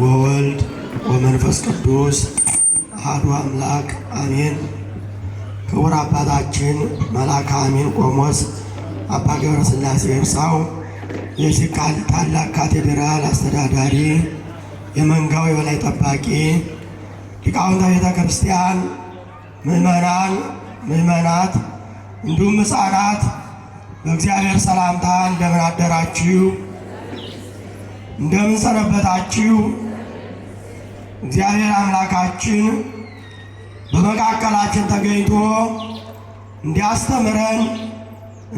ወወልድ ወመንፈስ ቅዱስ አሐዱ አምላክ አሜን። ክቡር አባታችን መልአከ አሚን ቆሞስ አባ ገብረ ስላሴ እርሳው የዚህ ታላቅ ካቴድራል አስተዳዳሪ፣ የመንጋው የበላይ ጠባቂ፣ ሊቃውንተ ቤተ ክርስቲያን፣ ምዕመናን፣ ምዕመናት እንዲሁም ሕፃናት በእግዚአብሔር ሰላምታ እንደምን አደራችሁ? እንደምን ሰነበታችሁ? እግዚአብሔር አምላካችን በመካከላችን ተገኝቶ እንዲያስተምረን፣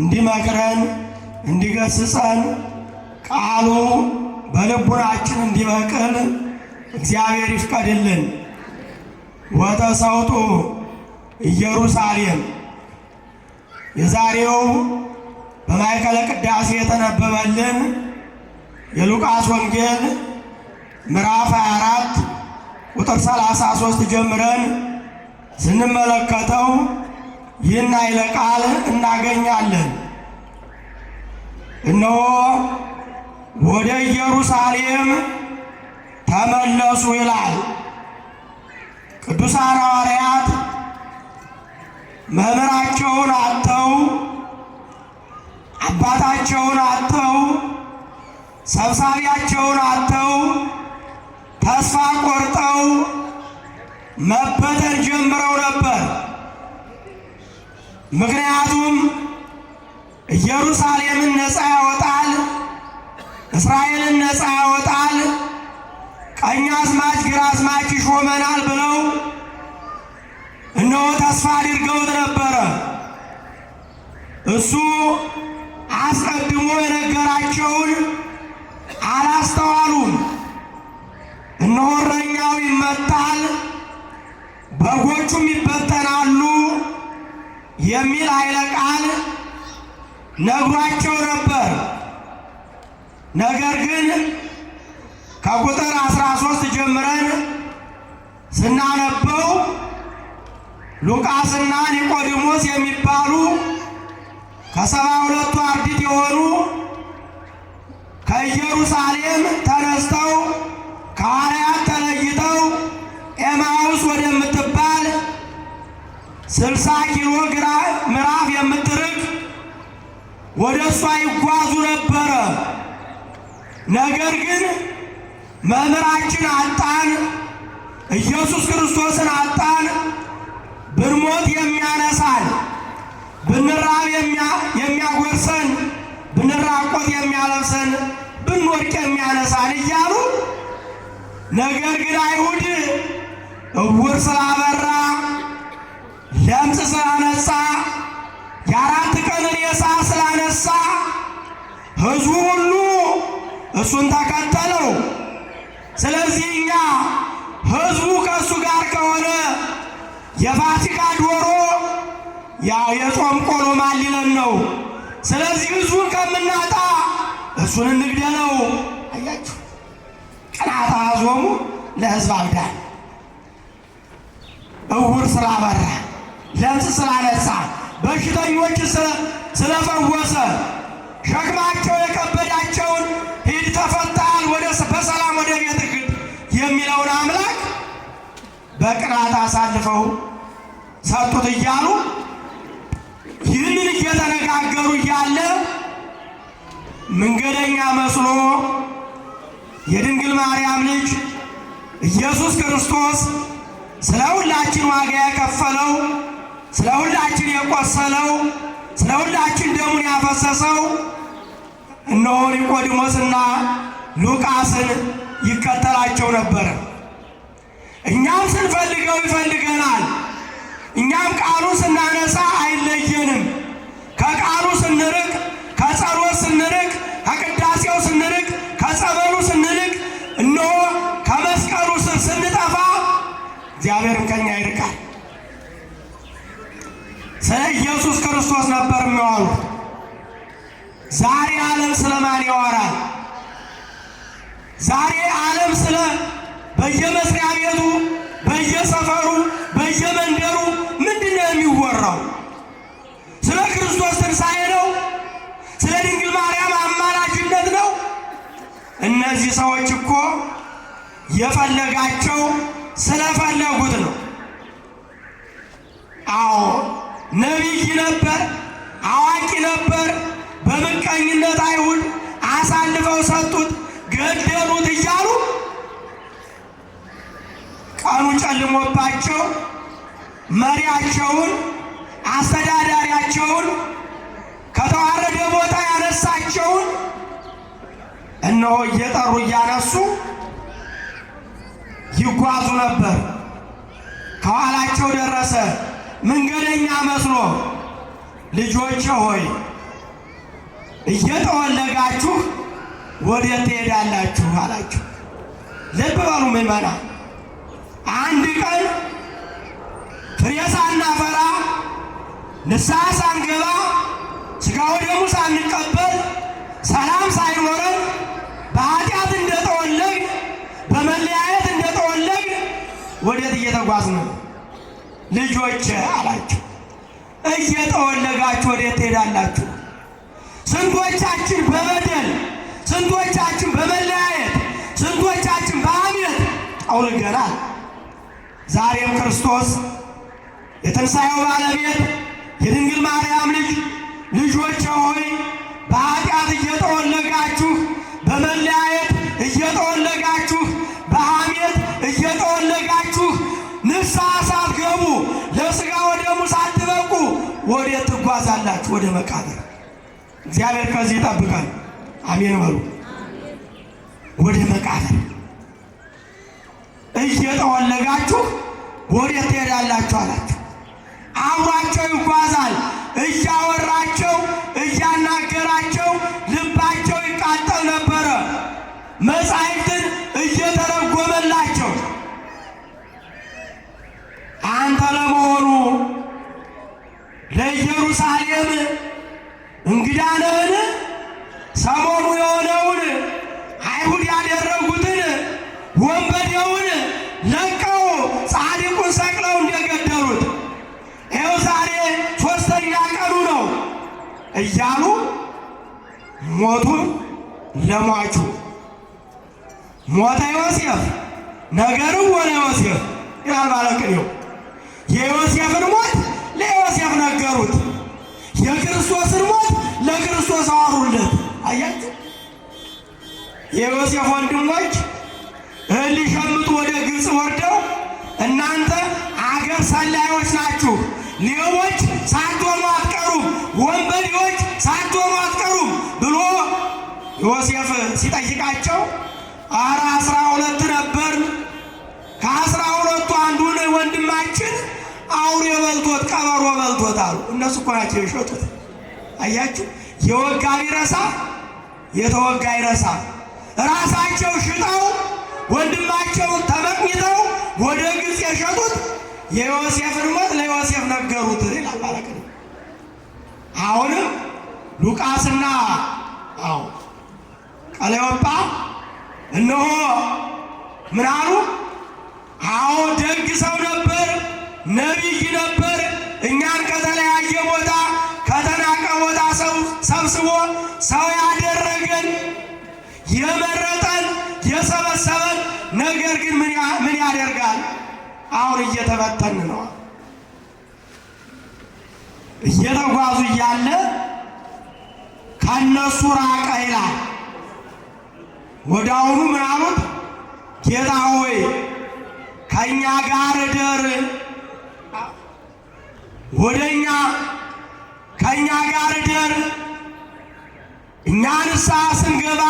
እንዲመክረን፣ እንዲገስጸን ቃሉ በልቡናችን እንዲበቅል እግዚአብሔር ይፍቀድልን። ወተሰውጡ ኢየሩሳሌም የዛሬው በማዕከለ ቅዳሴ የተነበበልን የሉቃስ ወንጌል ምዕራፍ 24 ቁጥር 33 ጀምረን ስንመለከተው ይህን ኃይለ ቃል እናገኛለን። እነሆ ወደ ኢየሩሳሌም ተመለሱ ይላል። ቅዱሳን ሐዋርያት መምህራቸውን አጥተው አባታቸውን አጥተው ሰብሳቢያቸውን አጥተው ተስፋ ቆርጠው መበተን ጀምረው ነበር። ምክንያቱም ኢየሩሳሌምን ነፃ ያወጣል፣ እስራኤልን ነፃ ያወጣል፣ አዝማች ግራ አዝማች ይሾመናል ብለው እነሆ ተስፋ አድርገውት ነበረ። እሱ አስቀድሞ የነገራቸውን አላስተዋሉም። እነሆ እረኛው ይመታል፣ በጎቹም ይበተናሉ የሚል ኃይለ ቃል ነግሯቸው ነበር። ነገር ግን ከቁጥር 13 ጀምረን ስናነበው ሉቃስና ኒቆዲሞስ የሚባሉ ከሰባ ሁለቱ አርድእት የሆኑ ከኢየሩሳሌም ተነስተው ከሐዋርያት ተለይተው ኤማውስ ወደምትባል ስልሳ ኪሎ ግራ ምዕራፍ የምትርቅ ወደ እሷ ይጓዙ ነበረ። ነገር ግን መምህራችን አጣን፣ ኢየሱስ ክርስቶስን አጣን። ብንሞት የሚያነሳን፣ ብንራብ የሚያጎርሰን፣ ብንራቆት የሚያለብሰን ልብን ወድቅ የሚያነሳን እያሉ ነገር ግን አይሁድ እውር ስላበራ ለምጽ ስላነሳ፣ የአራት ቀን ሬሳ ስላነሳ ሕዝቡ ሁሉ እሱን ተከተለው። ስለዚህ እኛ ሕዝቡ ከእሱ ጋር ከሆነ የፋሲካ ዶሮ ያ የጾም ቆሎ ማሊለን ሊለን ነው? ስለዚህ ሕዝቡን ከምናጣ እሱን እንግደ ነው። አያችሁ ቅናት አዞሙ ለህዝብ አብዳል እውር ስራ በራ ለምጽ ስራ ነሳ በሽተኞች ስለፈወሰ ሸክማቸው የከበዳቸውን ሂድ ተፈታል ወደ በሰላም ወደ ቤት ግድ የሚለውን አምላክ በቅናት አሳልፈው ሰጡት እያሉ ይህንን እየተነጋገሩ እያለ መንገደኛ መስሎ የድንግል ማርያም ልጅ ኢየሱስ ክርስቶስ ስለ ሁላችን ዋጋ የከፈለው ስለ ሁላችን የቆሰለው ስለ ሁላችን ደሙን ያፈሰሰው እነሆ ኒቆዲሞስና ሉቃስን ይከተላቸው ነበረ። እኛም ስንፈልገው ይፈልገናል። እኛም ቃሉ ስናነሳ አይለየንም። ከቃሉ ስንርቅ ከጸሎት ስንርቅ፣ ከቅዳሴው ስንርቅ፣ ከጸበሉ ስንርቅ፣ እነሆ ከመስቀሉ ስር ስንጠፋ እግዚአብሔርም ከኛ ይርቃል። ስለ ኢየሱስ ክርስቶስ ነበር የሚያወሩት። ዛሬ ዓለም ስለ ማን ያወራል? ዛሬ ዓለም ስለ በየመስሪያ ቤቱ በየሰፈሩ እነዚህ ሰዎች እኮ የፈለጋቸው ስለፈለጉት ነው። አዎ ነቢይ ነበር፣ አዋቂ ነበር። በምቀኝነት አይሁድ አሳልፈው ሰጡት፣ ገደሉት እያሉ ቀኑ ጨልሞባቸው መሪያቸውን አስተዳዳሪያቸውን ከተዋረደ ቦታ ያነሳቸውን እነሆ እየጠሩ እያነሱ ይጓዙ ነበር። ከኋላቸው ደረሰ መንገደኛ መስሎ። ልጆቼ ሆይ እየጠወለጋችሁ ወዴት ትሄዳላችሁ? አላችሁ። ልብ በሉ ምመና አንድ ቀን ፍሬ ሳናፈራ ንስሐ ሳንገባ ሥጋ ወደሙ ሳንቀበል ሰላም ሳይኖረን በኃጢአት እንደተወለግ በመለያየት እንደተወለግ ወዴት እየተጓዝ ነው? ልጆች አላችሁ እየተወለጋችሁ ወዴት ትሄዳላችሁ? ስንቶቻችን በበደል ስንቶቻችን በመለያየት ስንቶቻችን በአብነት ጠውልገናል ዛሬም ክርስቶስ የትንሣኤው ባለቤት የድንግል ማርያም ልጅ ልጆች ሆይ ወዴት ትጓዛላችሁ? ወደ መቃብር። እግዚአብሔር ከዚህ ይጠብቃል። አሜን በሉ። ወደ መቃብር እየጠወለጋችሁ ወዴት ትሄዳላችሁ አላችሁ። አብሯቸው ይጓዛል። እያወራቸው እያናገራቸው ልባቸው ይቃጠል ነበረ። መጻሕፍትን እየተረጎመላቸው አንተ ለመሆኑ እንግዳ ነህን? ሰሞኑ የሆነውን አይሁድ ያደረጉትን ወንበዴውን ለቀው ጻድቁን ሰቅለው እንደገደሉት ይኸው ዛሬ ሦስተኛ ቀኑ ነው እያሉ ሞቱን ለሟቹ ሞተ ዮሴፍ ነገርም ዮሴፍ ይላል ባለቅኔው። የዮሴፍን ሞት ለዮሴፍ ነገሩት። የክርስቶስን ሞት ተሰዋሩለት። አያችሁ የዮሴፍ ወንድሞች እህል ሸምቱ ወደ ግብፅ ወርደው እናንተ አገር ሰላዮች ናችሁ፣ ሌቦች ሳትሆኑ አትቀሩም፣ ወንበዴዎች ሳትሆኑ አትቀሩም ብሎ ዮሴፍ ሲጠይቃቸው አረ አስራ ሁለት ነበር ከአስራ ሁለቱ አንዱን ወንድማችን አውሬ በልቶት ቀበሮ በልቶት አሉ። እነሱ እኮ ናቸው የሸጡት። አያችሁ የወጋ ቢረሳ የተወጋ ይረሳ። ራሳቸው ሽጠው ወንድማቸውን ተመቅኝተው ወደ ግብፅ የሸጡት የዮሴፍን ሞት ለዮሴፍ ነገሩት ይላል ማለት ነው። አሁንም ሉቃስና አዎ ቀለዮጳ እነሆ ምን አሉ? አዎ ደግ ሰው ነበር፣ ነቢይ ነበር። እኛን ከተለያየ ቦታ ከተና ሰብስቦ ሰው ያደረገን የመረጠን የሰበሰበን ነገር ግን ምን ያደርጋል? አሁን እየተበተን ነው። እየተጓዙ እያለ ከነሱ ራቀ ይላል። ወደ አሁኑ ምን ጌታ ሆይ ከእኛ ጋር እደር ወደ እኛ ከእኛ ጋር እደር። እኛ ንስሐ ስንገባ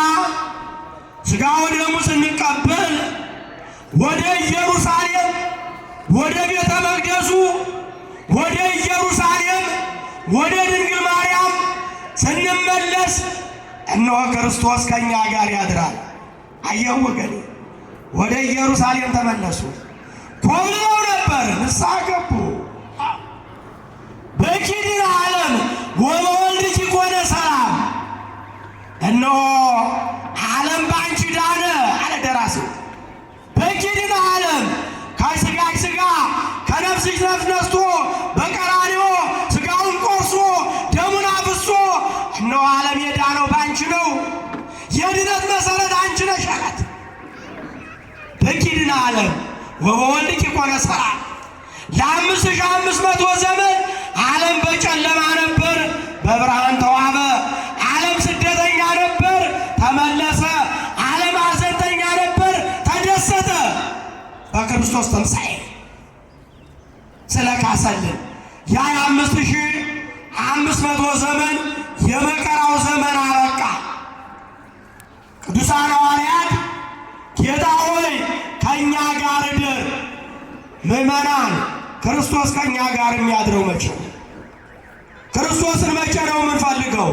ሥጋው ደሙ ስንቀበል ወደ ኢየሩሳሌም ወደ ቤተ መቅደሱ ወደ ኢየሩሳሌም ወደ ድንግል ማርያም ስንመለስ እነሆ ክርስቶስ ከእኛ ጋር ያድራል። አየው ወገኔ፣ ወደ ኢየሩሳሌም ተመለሱ። ኮብልለው ነበር፣ ንስሐ ገቡ። በኪድር ዓለም ወበወልድ ኪኮነ ሰላም እነሆ ዓለም በአንቺ ዳነ አለ ደራሲው። በኪድር ዓለም ከሥጋሽ ስጋ ከነፍስሽ ነፍስ ነስቶ በቀራንዮ ሥጋውን ቆርሶ ደሙን አፍሶ እነሆ ዓለም የዳነው በአንቺ ነው፣ የድነት መሰረት አንቺ ነሽ አላት። በኪድር ዓለም ወበወልድ ኪኮነ ሰላም ለአምስት ሺህ አምስት መቶ ዘመን ዓለም በጨለማ ነበር፣ በብርሃን ተዋበ። ዓለም ስደተኛ ነበር፣ ተመለሰ። ዓለም ሐዘንተኛ ነበር፣ ተደሰተ። በክርስቶስ ትንሣኤ ስለ ካሰልን ያ የአምስት ሺህ አምስት መቶ ዘመን የመከራው ዘመን አበቃ። ቅዱሳን ሐዋርያት ጌታ ሆይ ከእኛ ጋር እደር። ምዕመናን ክርስቶስ ከእኛ ጋር የሚያድረው መቼ ነው የምንፈልገው።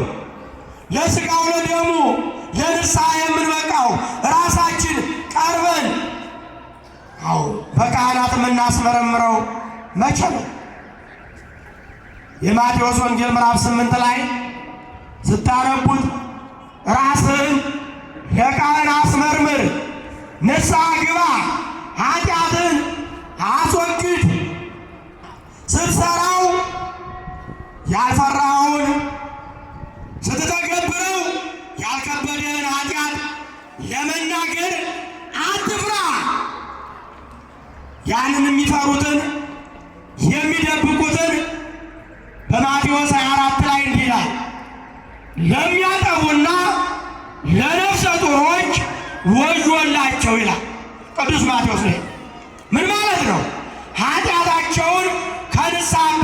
ለስጋው ለደሙ ለንስሐ የምንበቃው ራሳችን ቀርበን አው በካህናት የምናስመረምረው መቼ ነው? የማቴዎስ ወንጌል ምዕራፍ ስምንት ላይ ስታነቡት ራስን ለቃህን አስመርምር፣ ንስሐ ግባ፣ ኃጢአትን አስወግድ ስትሰራ ያልፈራውን ስትተገብረው ያልከበደህን ኃጢአት ለመናገር አትፍራ። ያንን የሚፈሩትን የሚደብቁትን በማቴዎስ 24 ላይ እንዲህ ይላል ለሚያጠቡና ለነፍሰ ጡሮች ወዮላቸው ይላል ቅዱስ ማቴዎስ ላይ ምን ማለት ነው? ኃጢአታቸውን ከንስሐ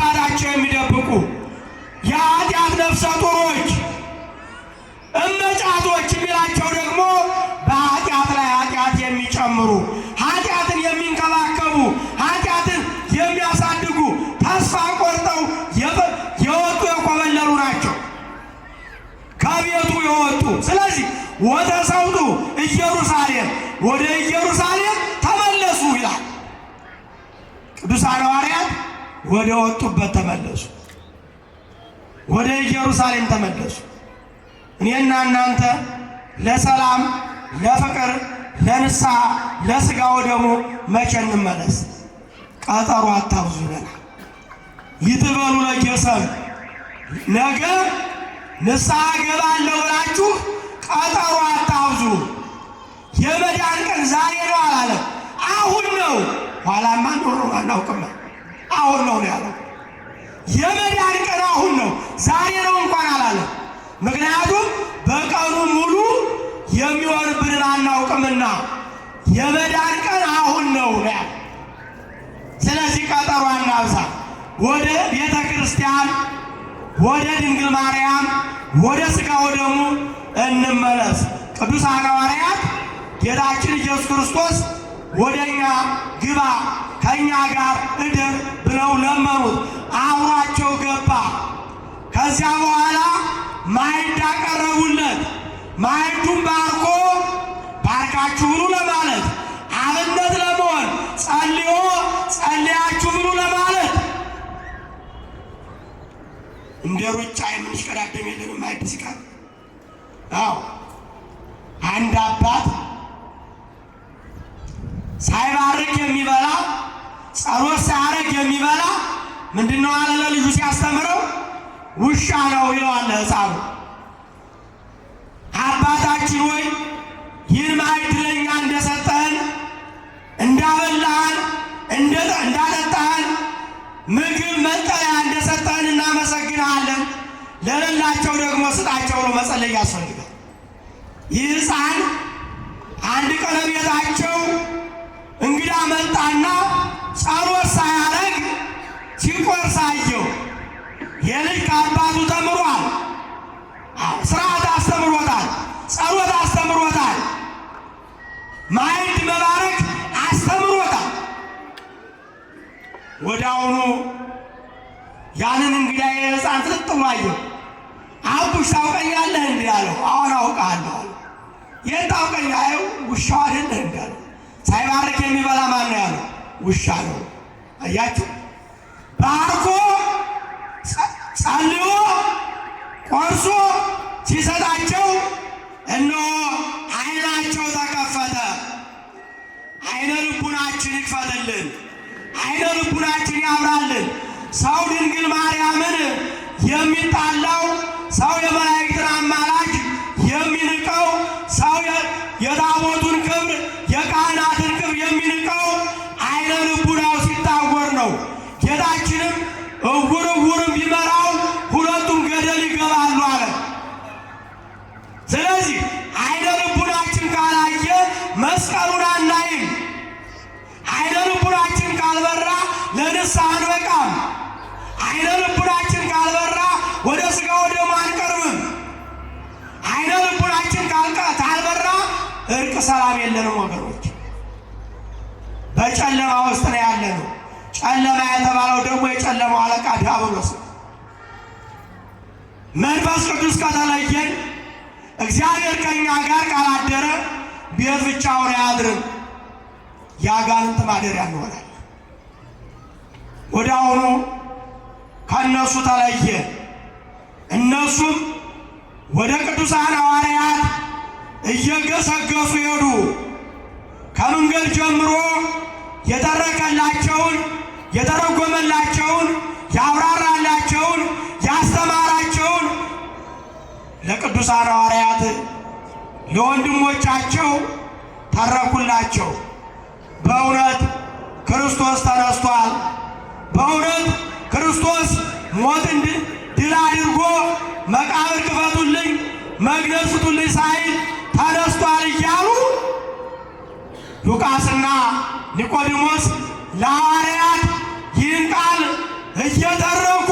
እመጫቶች የሚላቸው ደግሞ በኃጢአት ላይ ኃጢአት የሚጨምሩ ኃጢአትን የሚንከባከቡ ኃጢአትን የሚያሳድጉ ተስፋ ቆርጠው የወጡ የኮበለሉ ናቸው፣ ከቤቱ የወጡ ስለዚህ ወተሰውጡ ኢየሩሳሌም ወደ ኢየሩሳሌም ተመለሱ ይላል። ቅዱሳን ሐዋርያት ወደ ወጡበት ተመለሱ፣ ወደ ኢየሩሳሌም ተመለሱ። እኔና እናንተ ለሰላም፣ ለፍቅር፣ ለንስሐ፣ ለስጋው ደግሞ መቼ እንመለስ? ቀጠሮ አታብዙለን። ይትበሉ ለጌሰብ ነገ ንስሐ ገባለሁ ብላችሁ ቀጠሮ አታብዙ። የመዳን ቀን ዛሬ ነው አላለም። አሁን ነው። ኋላማ ኖሮ አናውቅም። አሁን ነው ነው ያለው። የመዳን ቀን አሁን ነው፣ ዛሬ ነው እንኳን አላለም። ምክንያቱም በቀኑ ሙሉ የሚሆንብንን አናውቅምና የመዳን ቀን አሁን ነው። ስለዚህ ቀጠሮ አናብዛ። ወደ ቤተ ክርስቲያን፣ ወደ ድንግል ማርያም፣ ወደ ሥጋው ደግሞ እንመለስ። ቅዱሳን ሐዋርያት ጌታችን ኢየሱስ ክርስቶስ ወደ እኛ ግባ፣ ከእኛ ጋር እደር ብለው ለመኑት። አብሯቸው ገባ። ከዚያ በኋላ ማዕድ አቀረቡለት። ማዕዱን ባርኮ ባርካችሁ ብሉ ለማለት አብነት ለመሆን ጸልዮ ጸልያችሁ ብሉ ለማለት እንደ ሩጫ የምንሽቀዳደም የለንም። ማዕድ ሲቀር አዎ አንድ አባት ሳይባርክ የሚበላ ጸሎት ሳያረግ የሚበላ ምንድነው አለ ለልጁ ሲያስተምረው ውሻ ነው ይለዋል ህፃኑ አባታችን ሆይ ይህን ማዕድ ለእኛ እንደሰጠህን እንዳበላህን እንዳጠጣህን ምግብ መጠለያ እንደሰጠህን እናመሰግናለን። ለሌላቸው ደግሞ ስጣቸው ነው መጸለይ ያስፈልጋል። ይህ ህፃን አንድ ቀን ቤታቸው እንግዳ መጣና ጸሎት ሳያደርግ ሲቆርሳ አየው። የልጅ ከአባቱ ተምሯል። ስርዓት አስተምሮታል። ጸሎት አስተምሮታል። ማየት መባረክ አስተምሮታል። ወደ አሁኑ ያንን እንግዳ የሕፃን ፍጥጥ ብሎ አየው። አቡሽ ታውቀኛለህ እንዲህ አለው። አሁን አውቃለሁ። የት ታውቀኛ? አይ አይደለህ እንዳለው። ሳይባርክ የሚበላ ማን ነው ያለው? ውሻ ነው። አያችሁ ባርኮ ጸልዮ ቆርሶ ሲሰጣቸው እነሆ አይናቸው ተከፈተ። አይነ ልቡናችን ይክፈትልን፣ አይነ ልቡናችን ያብራልን። ሰው ድንግል ማርያምን የሚጣላው ሰው የመላእክትን አማላጅ የሚነ መስቀሉን አናይም። አይነ ልቡናችን ካልበራ ለንስሐ አንበቃም። አይነ ልቡናችን ካልበራ ወደ ሥጋ ወደሙ አንቀርብም። አይነ ልቡናችን ካልበራ እርቅ ሰላም የለንም ወገኖች። በጨለማ ውስጥ ነው ያለነው። ጨለማ የተባለው ደግሞ የጨለማው አለቃ ዲያብሎስ ነው። መንፈስ ቅዱስ ከተለየን እግዚአብሔር ከኛ ጋር ካላደረ ቤት ብቻ አውሬ አያድርም፣ የአጋንንት ማደሪያ እንሆናለን። ወደ አሁኑ ከእነሱ ተለየ። እነሱም ወደ ቅዱሳን ሐዋርያት እየገሰገሱ ሄዱ። ከመንገድ ጀምሮ የጠረቀላቸውን የተረጎመላቸውን ያብራራላቸውን ያስተማራቸውን ለቅዱሳን ሐዋርያት ለወንድሞቻቸው ተረኩላቸው። በእውነት ክርስቶስ ተነስቷል። በእውነት ክርስቶስ ሞትን ድል አድርጎ መቃብር ክፈቱልኝ፣ መግደል ስጡልኝ ሳይል ተነስቷል እያሉ ሉቃስና ኒቆዲሞስ ለሐዋርያት ይህን ቃል እየተረኩ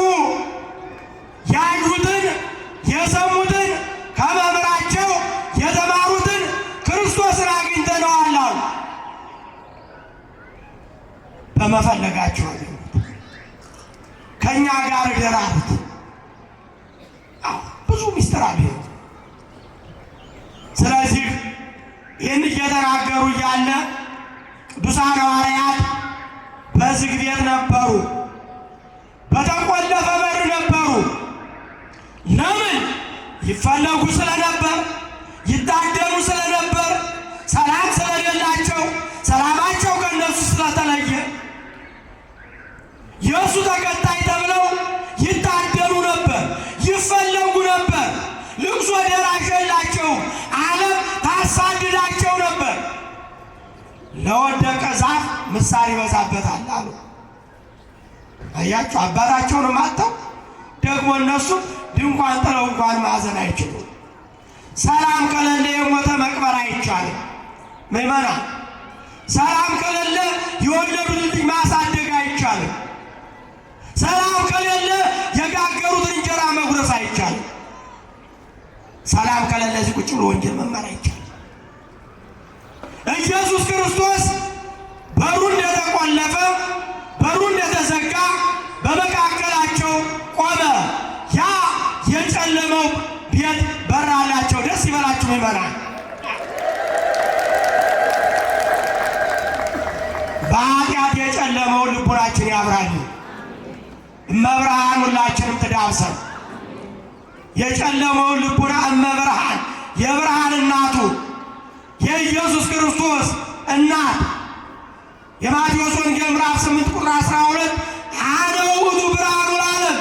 በመፈለጋችሁ ከእኛ ጋር ደራሩት። ብዙ ሚስጥር አለ። ስለዚህ ይህን እየተናገሩ እያለ ቅዱሳን ሐዋርያት በዝግ ቤት ነበሩ፣ በተቆለፈ በር ነበሩ። ለምን? ይፈለጉ ስለነበር፣ ይታደሙ ስለነበር፣ ሰላም የእሱ ተከታይ ተብለው ይታደሉ ነበር፣ ይፈለጉ ነበር። ልቅሶ ደራሽ የላቸውም። ዓለም ታሳድዳቸው ነበር። ለወደቀ ዛፍ ምሳር ይበዛበታል አሉ። አያችሁ፣ አባታቸውንም አጥተው ደግሞ እነሱ ድንኳን ጥለው እንኳን ማዘን አይችሉም። ሰላም ከሌለ የሞተ መቅበር አይቻልም። ምዕመናን ሰላም ከሌለ የወለዱት ልጅ ሰላም ከሌለ የጋገሩትን እንጀራ መጉረስ አይቻልም። ሰላም ከሌለ እዚህ ቁጭ ብሎ ወንጌል መማር አይቻልም። ኢየሱስ ክርስቶስ በሩ እንደተቆለፈ በሩ እንደተዘጋ በመካከላቸው ቆመ። ያ የጨለመው ቤት በራላቸው። ደስ ይበላችሁ ምዕመናን። በኃጢአት የጨለመው ልቡናችን ያብራል። እመብርሃን ሁላችንም ትዳብሰን የጨለመውን ልቡና እመብርሃን የብርሃን እናቱ የኢየሱስ ክርስቶስ እናት የማቴዎስ ወንጌል ምዕራፍ 8 ቁጥር 12 አነ ውእቱ ብርሃኑ ለዓለም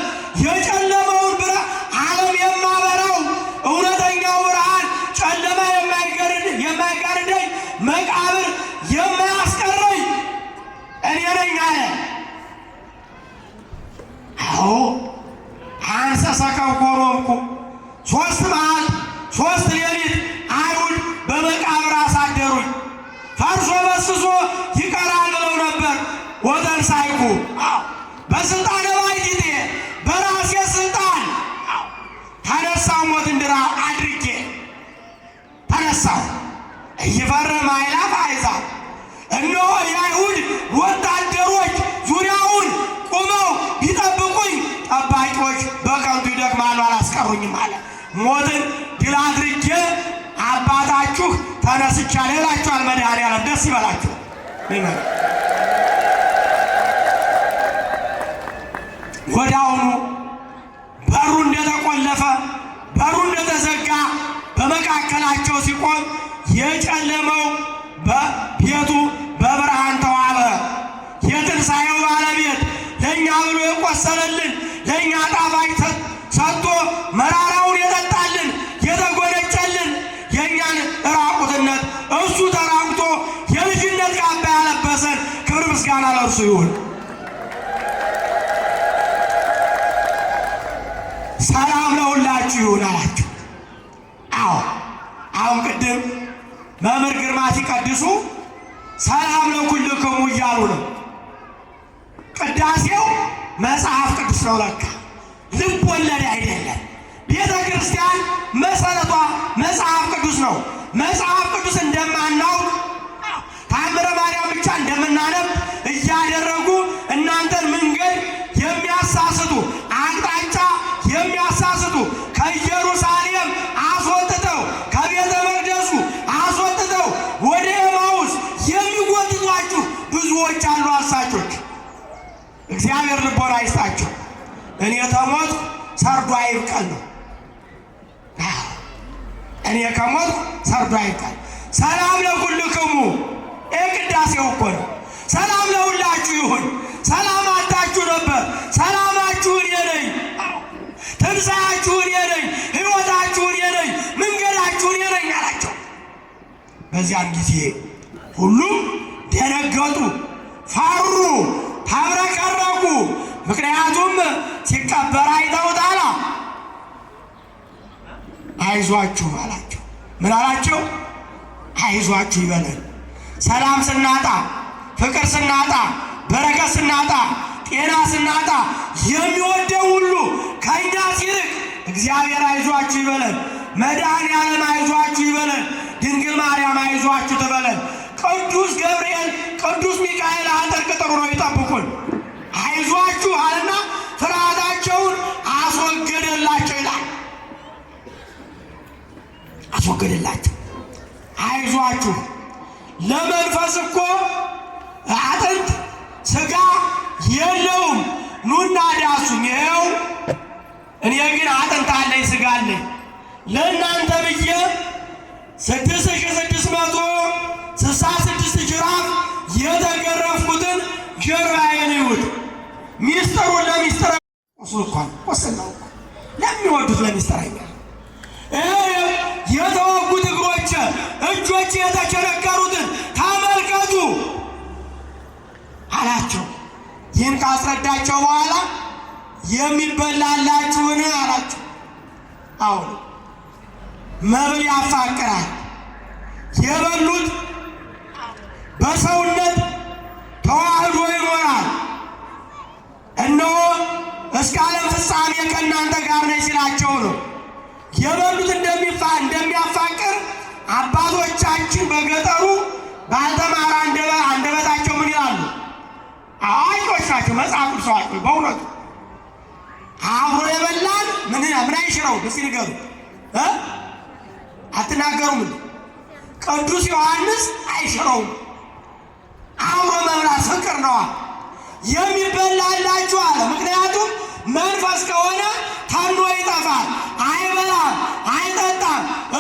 በስልጣን ባይቴ በራሴ ስልጣን ተነሳ ሞትን ድራ አድርጌ ተነሳሁ። እይፈርም አእላፈ አሕዛብ እነሆ የአይሁድ ወታደሮች ዙሪያውን ቁመው ቢጠብቁኝ ጠባቂዎች በከንቱ ይደክማሉ አላስቀሩኝም አለ። ሞትን ድል አድርጌ አባታችሁ ተነስቻለሁ ይላችኋል። መድኃኔዓለም ደስ ይበላችሁ። ወዲያውኑ በሩ እንደተቆለፈ በሩ እንደተዘጋ በመካከላቸው ሲቆም የጨለመው በቤቱ በብርሃን ተዋበ። የትንሣኤው ባለቤት ለእኛ ብሎ የቆሰለልን ለእኛ ጣፋጭ ሰጥቶ መራራውን የጠጣልን የተጎነጨልን የእኛን እራቁትነት እሱ ተራቁቶ የልጅነት ካባ ያለበሰን ክብር ምስጋና ለእርሱ ይሁን። ይውላላችሁ። አይብቃል ነው። እኔ ከሞት ሰርዶ አይብቃል። ሰላም ለኩልክሙ ቅዳሴው እኮ ነው። ሰላም ለሁላችሁ ይሁን። ሰላም አታችሁ ነበር። ሰላማችሁን የነኝ ትንሣኤያችሁን የነኝ ሕይወታችሁን የነኝ መንገዳችሁን የነኝ አላቸው። በዚያን ጊዜ ሁሉም ደነገጡ፣ ፈሩ፣ ታብረቀረቁ። ምክንያቱም ሲቀበር አይተውታል። አይዟችሁ አላቸው። ምን አላቸው? አይዟችሁ ይበለን። ሰላም ስናጣ፣ ፍቅር ስናጣ፣ በረከት ስናጣ፣ ጤና ስናጣ የሚወደው ሁሉ ከእኛ ሲርቅ እግዚአብሔር አይዟችሁ ይበለን። መድኃኔዓለም አይዟችሁ ይበለን። ድንግል ማርያም አይዟችሁ ትበለን። ቅዱስ ገብርኤል፣ ቅዱስ ሚካኤል አጥር ቅጥሩ ነው ይጠብቁን። ሰገደላቸው። አይዟችሁ ለመንፈስ እኮ አጥንት ስጋ የለውም፣ ኑና ዳሱኝ። ይኸው እኔ ግን አጥንት አለኝ ስጋ አለኝ ለእናንተ ብዬ ስድስት ሺ ስድስት መቶ ስልሳ ስድስት ጅራፍ የተገረፍኩትን ጀርባዬን ይዩት። ሚስጥሩን ለሚስጥረ ቁስል እንኳን ቆስል ለሚወዱት ለሚወዱት ለሚስጥረኛል የተወጉት እግሮች እጆች የተቸነከሩትን ተመልከቱ አላቸው። ይህም ካስረዳቸው በኋላ የሚበላላችሁን አላቸው። አሁን መብል ያፋቅራል። የበሉት በሰውነት ተዋህዶ ይኖራል። እነሆ እስከ ዓለም ፍጻሜ ከእናንተ ጋር ነኝ ሲላቸው ነው። የበሉት እንደሚያፋቅር አባቶቻችን በገጠሩ ባልተማረ አንደበታቸው ምን ይላሉ? አዋቂዎች ናቸው። መጽሐፍ ቅዱስ አዋቂዎች በእውነቱ አብሮ የበላን ምን ምን አይሽረው እስኪ ንገሩ። አትናገሩም? ቅዱስ ዮሐንስ አይሽረውም። አብሮ መብላት ፍቅር ነዋ። የሚበላላችሁ አለ። ምክንያቱም መንፈስ ከሆነ ተኖ ይጠፋል።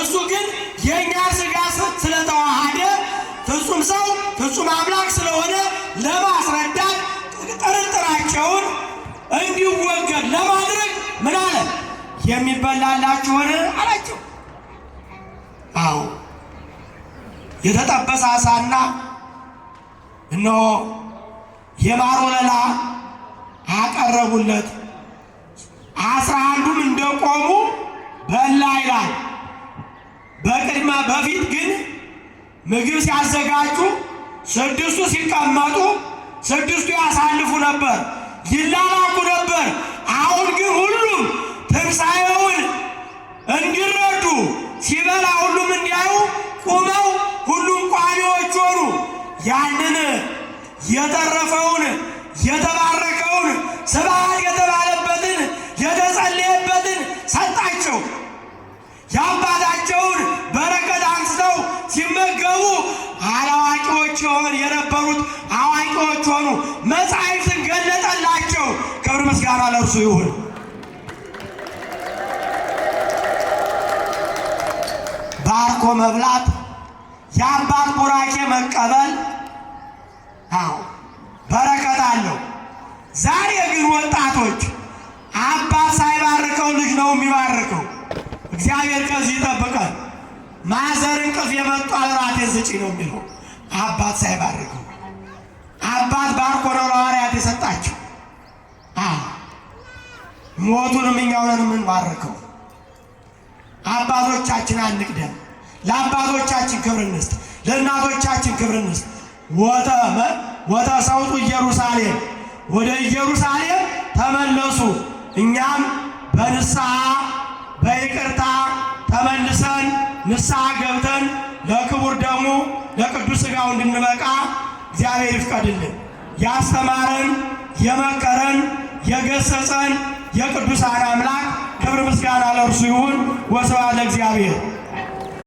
እሱ ግን የእኛ ስጋ ስለተዋሃደ ፍጹም ሰው ፍጹም አምላክ ስለሆነ ለማስረዳት ጥርጥራቸውን እንዲወገድ ለማድረግ ምን አለ? የሚበላላችሁን አላቸው። አዎ የተጠበሰ አሳና እነሆ የማር ወለላ አቀረቡለት። አስራ አንዱም እንደቆሙ በላ ይላል። በቅድማ በፊት ግን ምግብ ሲያዘጋጁ ስድስቱ ሲቀመጡ ስድስቱ ያሳልፉ ነበር፣ ይላላኩ ነበር። እግዚአብሔር ከዚህ ይጠብቃል። ማዘር እንቅፍ የመጡ እራቴን ስጪ ነው የሚለው አባት ሳይባርከው አባት ባርኮ ነው ለሐዋርያት የሰጣቸው። ሞቱንም እኛውንን የምንባርከው አባቶቻችን አንቅደም። ለአባቶቻችን ክብር እንስጥ፣ ለእናቶቻችን ክብር እንስጥ። ወተ ሰውጡ ኢየሩሳሌም፣ ወደ ኢየሩሳሌም ተመለሱ እኛም በንስሐ በይቅርታ ተመልሰን ንስሐ ገብተን ለክቡር ደሙ ለቅዱስ ሥጋው እንድንበቃ እግዚአብሔር ይፍቀድልን። ያስተማረን የመከረን የገሰጸን የቅዱሳን አምላክ ክብር ምስጋና ለእርሱ ይሁን። ወስብሐት ለእግዚአብሔር።